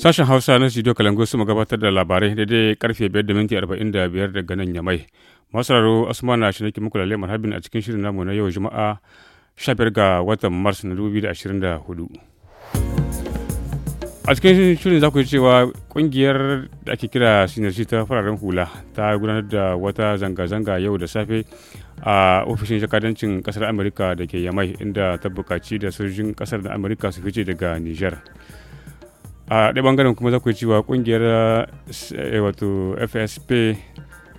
Sashen Hausa na Studio Kalango su gabatar da labarai daidai karfe 5 da minti 45 daga nan yamai. Masararo Usman na shi nake muku lalle marhabin a cikin shirin namu na yau Juma'a 15 ga watan Mars na 2024. A cikin shirin za ku yi cewa kungiyar da ake kira Sinarci ta fararen hula ta gudanar da wata zanga-zanga yau da safe a ofishin jakadancin kasar Amurka da ke Yamai inda ta bukaci da sojin kasar da Amurka su fice daga Nijar. a ɗaya ɓangaren kuma za ku cewa kungiyar eh, wato fsp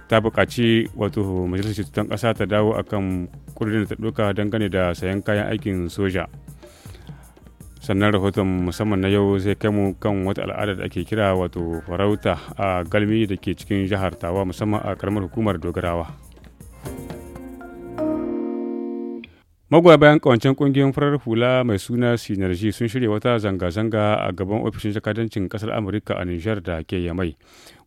ta buƙaci wato majalisar ceton ƙasa ta dawo akan ƙudurin da ta ɗauka dangane da sayan kayan aikin soja sannan rahoton musamman na yau zai kai mu kan wata al'ada da ake kira wato farauta a galmi da ke cikin jihar tawa musamman a ƙaramar hukumar dogarawa. magoya bayan kawancen kungiyar farar hula mai suna sinarji sun shirya wata zanga-zanga a gaban ofishin jakadancin kasar amurka a nijar da ke yamai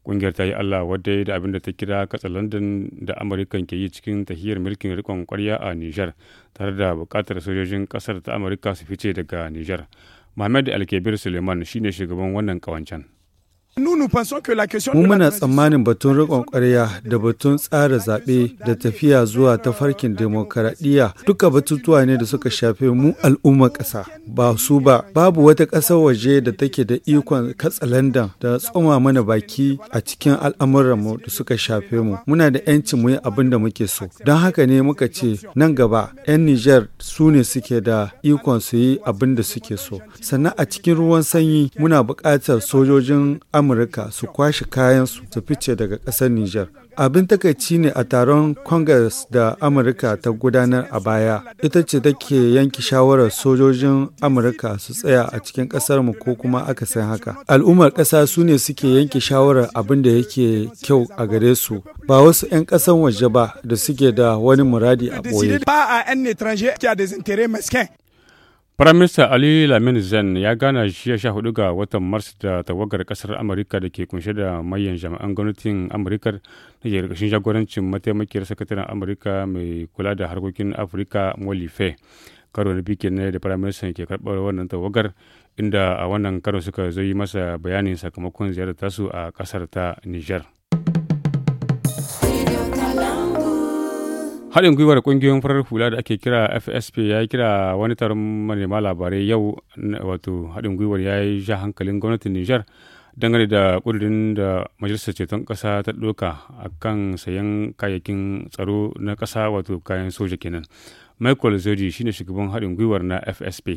kungiyar ta yi allah wadda da abin da ta kira kasar london da amurka ke yi cikin tahiyar mulkin rikon kwarya a nijar tare da bukatar sojojin kasar ta amurka su fice daga nijar mohamed alkebir suleiman shine shugaban wannan kawancen Mu muna tsammanin batun riƙon ƙwarya da batun tsara zaɓe da tafiya zuwa tafarkin demokaradiyya duka batutuwa ne da suka shafe mu al'ummar ƙasa. Ba su ba, babu wata ƙasar waje da take da ikon katsalandan da tsoma mana baki a cikin al'amuranmu da suka shafe mu. Muna da 'yancin mu yi abin da muke so. Don haka ne muka ce nan gaba 'yan Nijar su ne suke da ikon su yi abin da suke so. Sannan a cikin ruwan sanyi muna buƙatar sojojin Amurka Afirka su kwashe kayansu su fice daga ƙasar Nijar. Abin takaici ne a taron Congress da Amurka ta gudanar a baya, ita ce take yanke shawarar sojojin Amurka su tsaya a cikin ƙasarmu ko kuma aka san haka. Al'ummar ƙasa su ne suke yanke shawarar abin da yake kyau a gare su, ba wasu 'yan ƙasan waje ba da suke da wani muradi a ɓoye. Firaminista Ali Lamin Zen ya gana jiya sha hudu ga watan Mars da tawagar kasar Amurka da ke kunshe da mayan jami'an gwamnatin Amurka da ke ƙarƙashin jagorancin mataimakiyar sakataren Amurka mai kula da harkokin Afirka Molife. Karo na bikin ne da firaminista ke karɓar wannan tawagar inda a wannan karo suka zo yi masa bayanin sakamakon ziyarar tasu a ƙasar ta Nijar. haɗin gwiwar ƙungiyoyin farar hula da ake kira fsp ya yi kira wani taron manema labarai yau wato haɗin gwiwar ya yi sha hankalin gwamnatin niger dangane da ƙudurin da majalisar ceton ƙasa ta ɗauka a kan sayan kayayyakin tsaro na ƙasa wato kayan soja kenan michael zodi shine shugaban haɗin gwiwar na fsp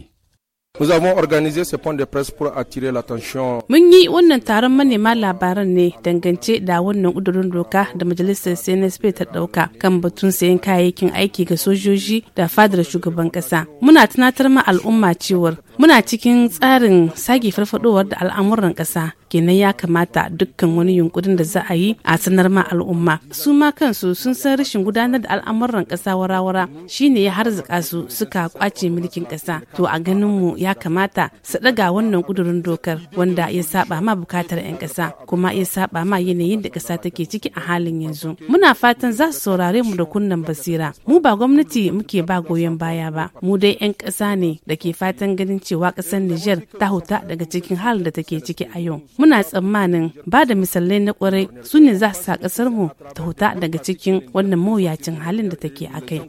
Nous avons organisé ce point de presse pour attirer l'attention. Mun yi wannan taron manema labaran ne dangance da wannan udurin doka da majalisar CNSP ta ɗauka kan batun sayan kayayyakin aiki ga sojoji da fadar shugaban ƙasa. Muna tunatar ma al'umma cewar muna cikin tsarin sake farfadowar da al'amuran ƙasa kenan ya kamata dukkan wani yunkurin da za a yi a sanar ma al'umma su ma kansu sun san rashin gudanar da al'amuran ƙasa warawara shine ya harzuka su suka kwace mulkin ƙasa to a ganin mu ya kamata su ɗaga wannan ƙudurin dokar wanda ya saba ma bukatar 'yan ƙasa kuma ya saba ma yanayin da ƙasa take ciki a halin yanzu muna fatan za su saurare mu da kunnan basira mu ba gwamnati muke ba goyon baya ba mu dai 'yan ƙasa ne da ke fatan ganin cewa kasar Nijar ta huta daga cikin halin da take ciki a yau. Muna tsammanin ba da misalai na kwarai su ne za su sa ƙasar mu ta huta daga cikin wannan mawuyacin halin da take a kai.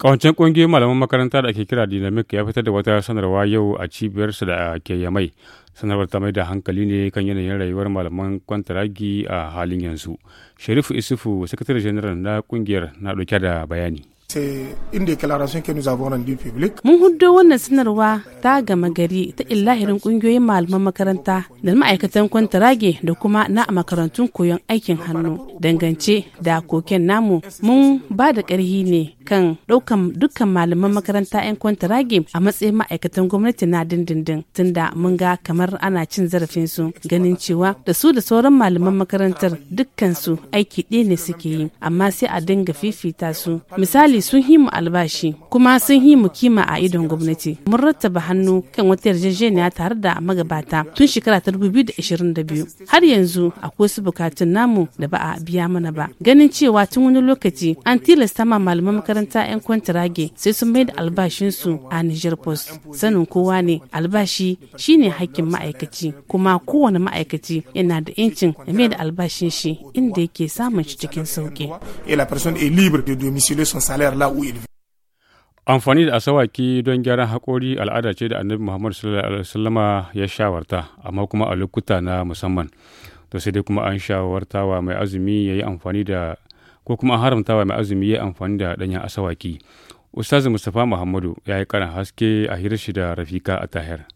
Kawancin ƙungiyar malaman makaranta da ake kira Dynamic ya fitar da wata sanarwa yau a cibiyarsa da ke Yamai. Sanarwar ta mai da hankali ne kan yanayin rayuwar malaman kwantaragi a halin yanzu. Sharifu Isufu, sakatare general na ƙungiyar na ɗauke da bayani. Mun hudu wannan sanarwa ta gama gari ta illahirin kungiyoyin malaman makaranta da ma'aikatan kwantarage da kuma na makarantun koyon aikin hannu dangance da koken namu mun ba da karhi ne kan ɗaukan dukkan malaman makaranta 'yan kwantarage a matsayin ma'aikatan gwamnati na dindindin tunda mun ga kamar ana cin zarafin su ganin cewa da su da sauran malaman makarantar dukkan su aiki ɗaya ne suke yi amma sai a dinga fifita su misali sun sun mu albashi kuma sun mu kima a idon gwamnati mun rattaba hannu kan wata yarjejeniya tare da magabata tun shekara ta biyu har yanzu akwai wasu bukatun namu da ba a biya mana ba ganin cewa tun wani lokaci an tilasta ma malaman makaranta 'yan kwantirage sai sun mai da albashinsu a Niger Post sanin kowa ne albashi shine hakkin ma'aikaci kuma kowane ma'aikaci yana da 'yancin ya mai da albashin shi inda yake samun shi cikin sauki. Amfani da asawaki don gyaran haƙori al'ada ce da annabi Muhammad sallallahu ya shawarta, amma kuma a lokuta na musamman. To sai dai kuma an wa mai azumi ya yi amfani da ko kuma an haramtawa mai azumi ya yi amfani da ɗanyen asawaki. Ustaz Mustapha Muhammadu ya yi ƙaran haske a hirar shi da Rafika a Tahir.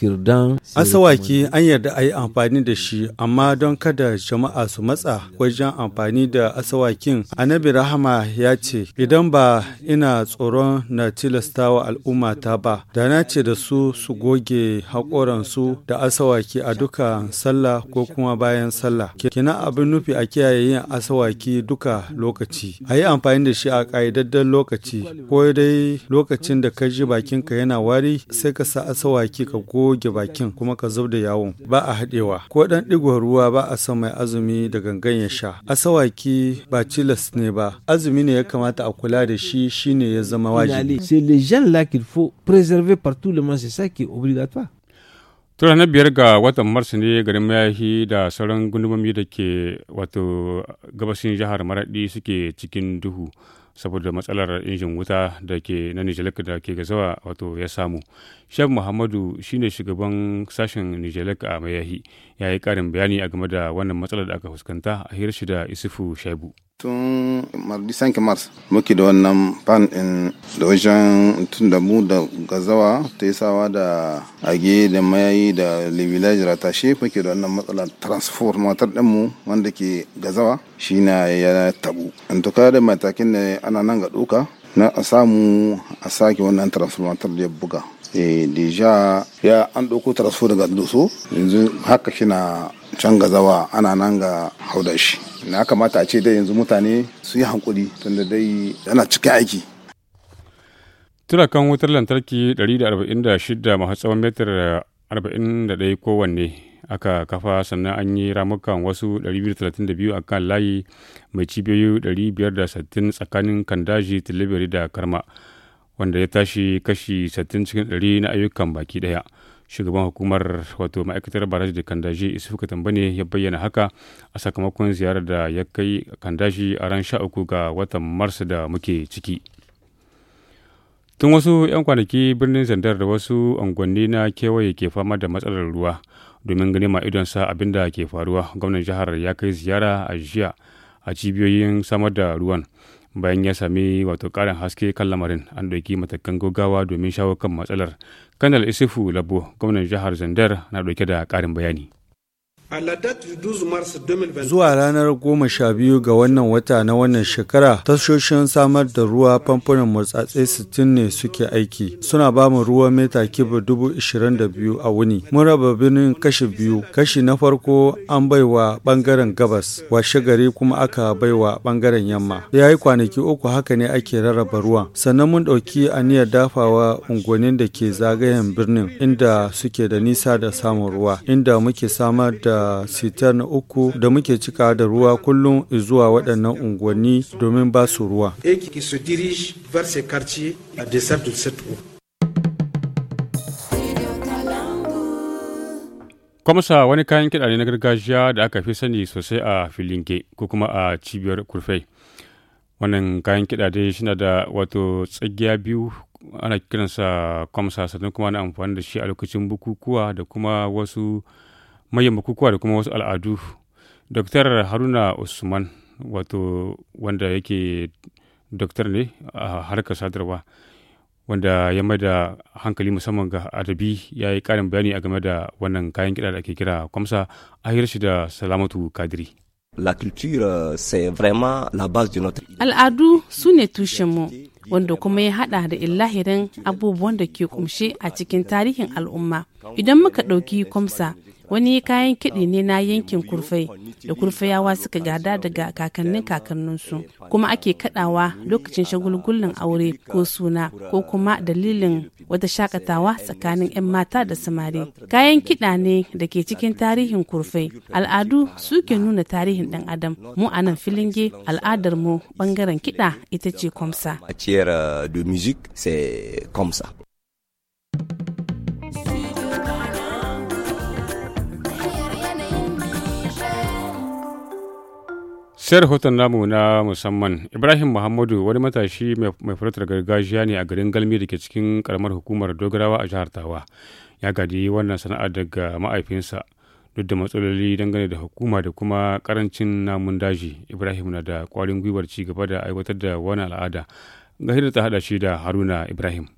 kirdan asawaki an yarda a yi amfani da shi amma don kada jama'a su matsa wajen amfani da asawakin annabi rahama ya ce idan ba ina tsoron na tilastawa al'ummata ba da na ce da su su goge haƙoransu da asawaki a duka sallah ko kuma bayan sallah kina abin nufi a kiyaye yin asawaki duka lokaci a yi amfani da shi a ƙa'idaddan lokaci ko dai lokacin da ka ji bakinka yana wari sai ka sa asawaki ka goge bakin kuma ka zub da yawon ba a haɗewa ko ɗan ɗigon ruwa ba a san mai azumi da gangan ya sha asawaki ba cilas ne ba azumi ne ya kamata a kula da shi shine ya zama wajibi c'est les gens là qu'il faut préserver partout le monde c'est ça qui est obligatoire tura na biyar ga watan mars ne garin mayahi da sauran gundumomi da ke wato gabashin jihar maraɗi suke cikin duhu saboda matsalar injin wuta da ke na nijelek da ke ga zawa wato ya samu shaf muhammadu shine shugaban sashen nijalek a mayahi ya yi karin bayani a game da wannan matsalar da aka fuskanta a hirar shi da isufu shaibu tun mardi 5 mars muke da wannan fan in da wajen tun da mu da gazawa ta yi sawa da age da mayayi da levilage ratashe muke da wannan matsalar ɗin mu wanda ke gazawa shi na ya tabu in tuka da matakin da ana nan ga doka na a samu a sake wannan transformator da ya buga eh, deja ya an ɗauko transfer daga doso yanzu haka shi na can ga zawa ana nan ga hauda shi na kamata a ce dai yanzu mutane su yi hankuri tunda dai yana cikin aiki turakan wutar lantarki 146 masu tsawon metar 41 kowanne aka kafa sannan an yi ramukan wasu 232 a kan layi mai cibiyoyi 560 tsakanin kandaji tilibiri da karma wanda ya tashi kashi 60 cikin 100 na ayyukan baki daya. shugaban hukumar wato ma'aikatar baraji da kandashi isufu ne ya bayyana haka a sakamakon ziyarar da ya kai kandashi a ran sha uku ga watan mars da muke ciki tun wasu 'yan kwanaki birnin zandar da wasu unguwanni na kewaye ke fama da matsalar ruwa domin gani ma sa abin da ke faruwa gwamnan jihar ya kai ziyara a jiya a cibiyoyin samar da ruwan bayan ya sami wato karin haske kan lamarin an ɗauki matakan gaggawa domin shawo kan matsalar kanal isufu labo gwamnan jihar zandar na ɗauke da ƙarin bayani Zuwa ranar goma sha biyu ga wannan wata na wannan shekara, tashoshin samar da ruwa famfunan motsatse sitin ne suke aiki. Suna ba mu ruwa mita kibu dubu ishirin da biyu a wuni. Mun raba birnin kashi biyu. Kashi na farko an baiwa bangaren gabas, washe gari kuma aka baiwa bangaren yamma. Ya yi kwanaki uku haka ne ake rarraba ruwan. Sannan mun ɗauki aniyar dafawa unguwannin da ke zagayen birnin inda suke da nisa da samun ruwa, inda muke samar da da uku da muke cika da ruwa kullum zuwa waɗannan unguwanni domin ba su ruwa. Kwamsa wani kayan kiɗa ne na gargajiya da aka fi sani sosai a filinge ko kuma a cibiyar kurfai. Wannan kayan kiɗa dai shina da wato tsagiya biyu ana kiransa kwamsa sannan kuma ana amfani da shi a lokacin bukukuwa da kuma wasu mayan bukukuwa da kuma wasu al'adu Dr. Haruna Usman wato wanda yake doktor ne a harkar sadarwa wanda ya mai da hankali musamman ga adabi ya yi karin bayani a game da wannan kayan kiɗa da ake kira kwamsa a shi da salamatu kadiri. La culture c'est vraiment la base de notre Al'adu su ne tushenmu wanda kuma ya hada da illahirin abubuwan da ke kumshe a cikin tarihin al'umma. Idan muka ɗauki kwamsa wani kayan kiɗi ne na yankin kurfai da kurfayawa suka gada daga kakannin kakanninsu kuma ake kaɗawa lokacin shagulgulun aure ko suna ko kuma dalilin wata shakatawa tsakanin 'yan mata da samari kayan kiɗa ne da ke cikin tarihin kurfai al'adu su ke nuna tarihin ɗan adam mu a nan filinge al'adar mu bangaren kiɗa ita ce komsa. sai rahoton namu na musamman ibrahim muhammadu wani matashi mai furtar gargajiya ne a garin galmi da ke cikin karamar hukumar dogarawa a jihar tawa ya gadi wannan sana'a daga ma'aifinsa duk da matsaloli dangane da hukuma da kuma karancin namun daji ibrahim na da kwarin gwiwar ci gaba da aiwatar da wani al'ada ga hidda ta hada shi da haruna ibrahim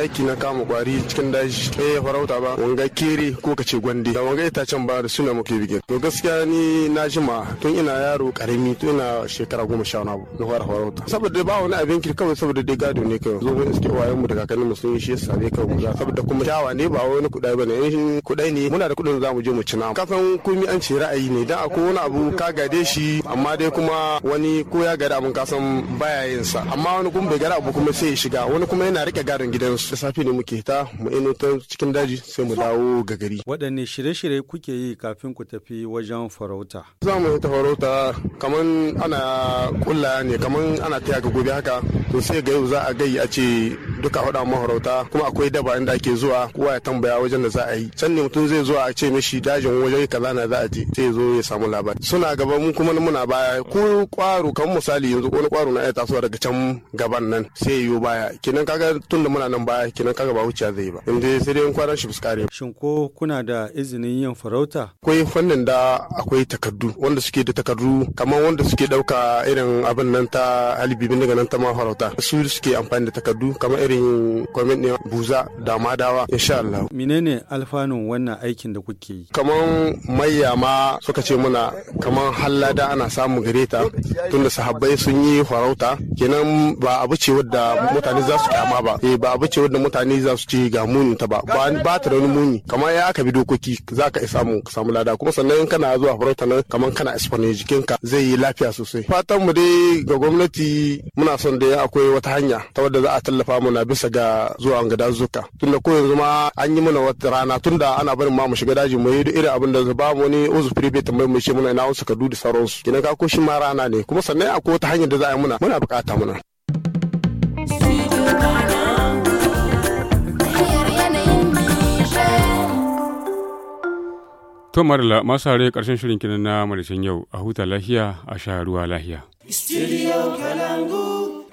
aiki na kama kwari cikin daji ɗaya eh, farauta ba wanga kere ko ka ce gwande da wanga can ba da suna muke bige to gaskiya ni na jima tun ina yaro karami tun ina shekara goma sha na na fara farauta saboda ba wani abin kiri kawai saboda dai gado ne kawai zo mun iske wayan mu da kakannin mu sun yi shi yasa dai kawai za saboda kuma shawa ne ba wani kudai ba ne kudai ne muna da kudin za mu je mu ci nama kasan komi an ce ra'ayi ne dan akwai wani abu ka gade shi amma dai kuma wani ko ya gada abun kasan baya yin sa amma wani kuma bai gada abu kuma sai ya shiga wani kuma yana rike gadon gidansu da safe ne muke ta mu ino ta cikin daji sai mu dawo ga gari waɗanne shirye-shirye kuke yi kafin ku tafi wajen farauta za mu yi ta farauta kaman ana kulla ne kaman ana taya ga gobe haka to sai ga yau za a gayi a ce duka faɗa farauta kuma akwai daba inda ake zuwa kowa ya tambaya wajen da za a yi can ne mutum zai zuwa a ce mishi dajin wajen kaza na za a je sai zo ya samu labari suna gaba mun kuma muna baya ko kwaro kamar misali yanzu ko kwaro na ya tasowa daga can gaban nan sai yiwu baya kenan kaga tun da muna nan baya a'a kinan kaga ba wuciya zai ba inda sai dai kwana kwanan shi fuskare shin ko kuna da izinin yin farauta akwai fannin da akwai takardu wanda suke da takardu kamar wanda suke dauka irin abin nan ta halibibin daga nan ta ma farauta su suke amfani da takardu kamar irin kwamin ne buza da madawa insha Allah menene alfanun wannan aikin da kuke yi kamar mayya ma suka ce muna kamar hallada ana samun gare ta tunda sahabbai sun yi farauta kenan ba abu ce wadda mutane za su kyama ba eh ba abu ce da mutane za su ce ga muni ta ba ba ta da wani muni kamar ya aka bi dokoki za ka samu ka samu lada kuma sannan kana zuwa farauta nan kamar kana espane jikinka zai yi lafiya sosai fatan mu dai ga gwamnati muna son da akwai wata hanya ta wadda za a tallafa mana bisa ga zuwa ga dazuka tunda ko yanzu ma an yi mana wata rana tunda ana barin ma mu shiga daji mu yi irin abin da ba mu ne uzu private tambayi mu ce muna ina wasu kadu da sauransu kina ka ko shi ma rana ne kuma sannan akwai wata hanya da za a yi muna muna bukata muna To Marla, masu hare ƙarshen shirin kinan na marishin yau a huta lahiya a sha ruwa lahiya. Studio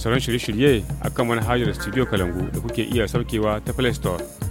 sauran shirye-shirye akan manhajar Studio Kalangu da kuke iya saukewa ta Play Store.